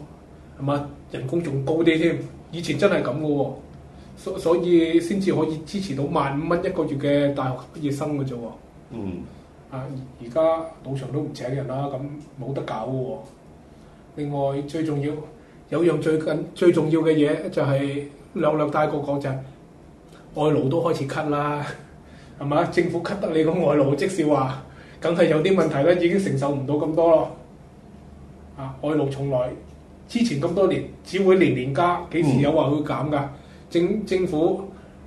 係嘛？人工仲高啲添，以前真係咁噶喎，所以所以先至可以支持到萬五蚊一個月嘅大學畢業生嘅啫喎。嗯。啊！而家賭場都唔請人啦，咁冇得搞喎。另外最重要有樣最緊最重要嘅嘢就係兩兩大個講就係外勞都開始 cut 啦。係嘛？政府吸得你個外勞即係話，梗係有啲問題啦，已經承受唔到咁多咯。啊，外勞從來之前咁多年，只會年年加，幾時有話會減㗎？政、嗯、政府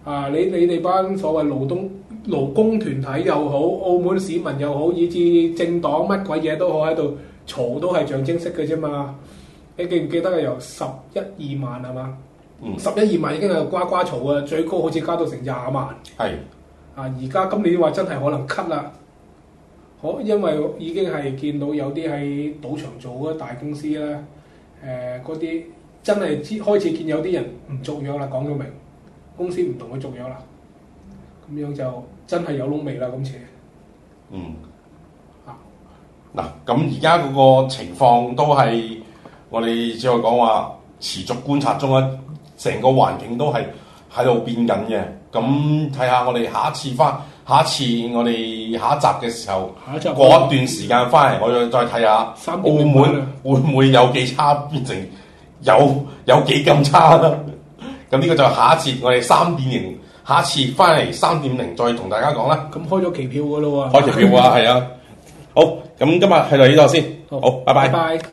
啊，你你哋班所謂勞工勞工團體又好，澳門市民又好，以至政黨乜鬼嘢都好，喺度嘈都係象徵式嘅啫嘛。你記唔記得啊？由十一二萬係嘛，十一二萬已經係呱呱嘈啊，最高好似加到成廿萬。係。啊！而家今年話真係可能 cut 啦，可因為已經係見到有啲喺賭場做嘅大公司咧，誒嗰啲真係知開始見有啲人唔續約啦，講咗明公司唔同佢續約啦，咁樣就真係有窿味啦，今次。嗯。啊！嗱，咁而家嗰個情況都係我哋只係講話持續觀察中啊，成個環境都係喺度變緊嘅。咁睇，嗯、下我哋下一次翻，下一次我哋下一集嘅時候，下一集過一段時間翻嚟，我 0, 0, 再再睇下，澳門會唔會有幾差變成有有幾咁差啦？咁呢個就下一次我哋三點零，下一次翻嚟三點零再同大家講啦。咁開咗期票嘅咯喎，開期票啊，係啊，的好，咁今日係度呢度先，好，好拜拜。拜拜。